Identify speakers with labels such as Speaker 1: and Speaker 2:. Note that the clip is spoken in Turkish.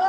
Speaker 1: Ya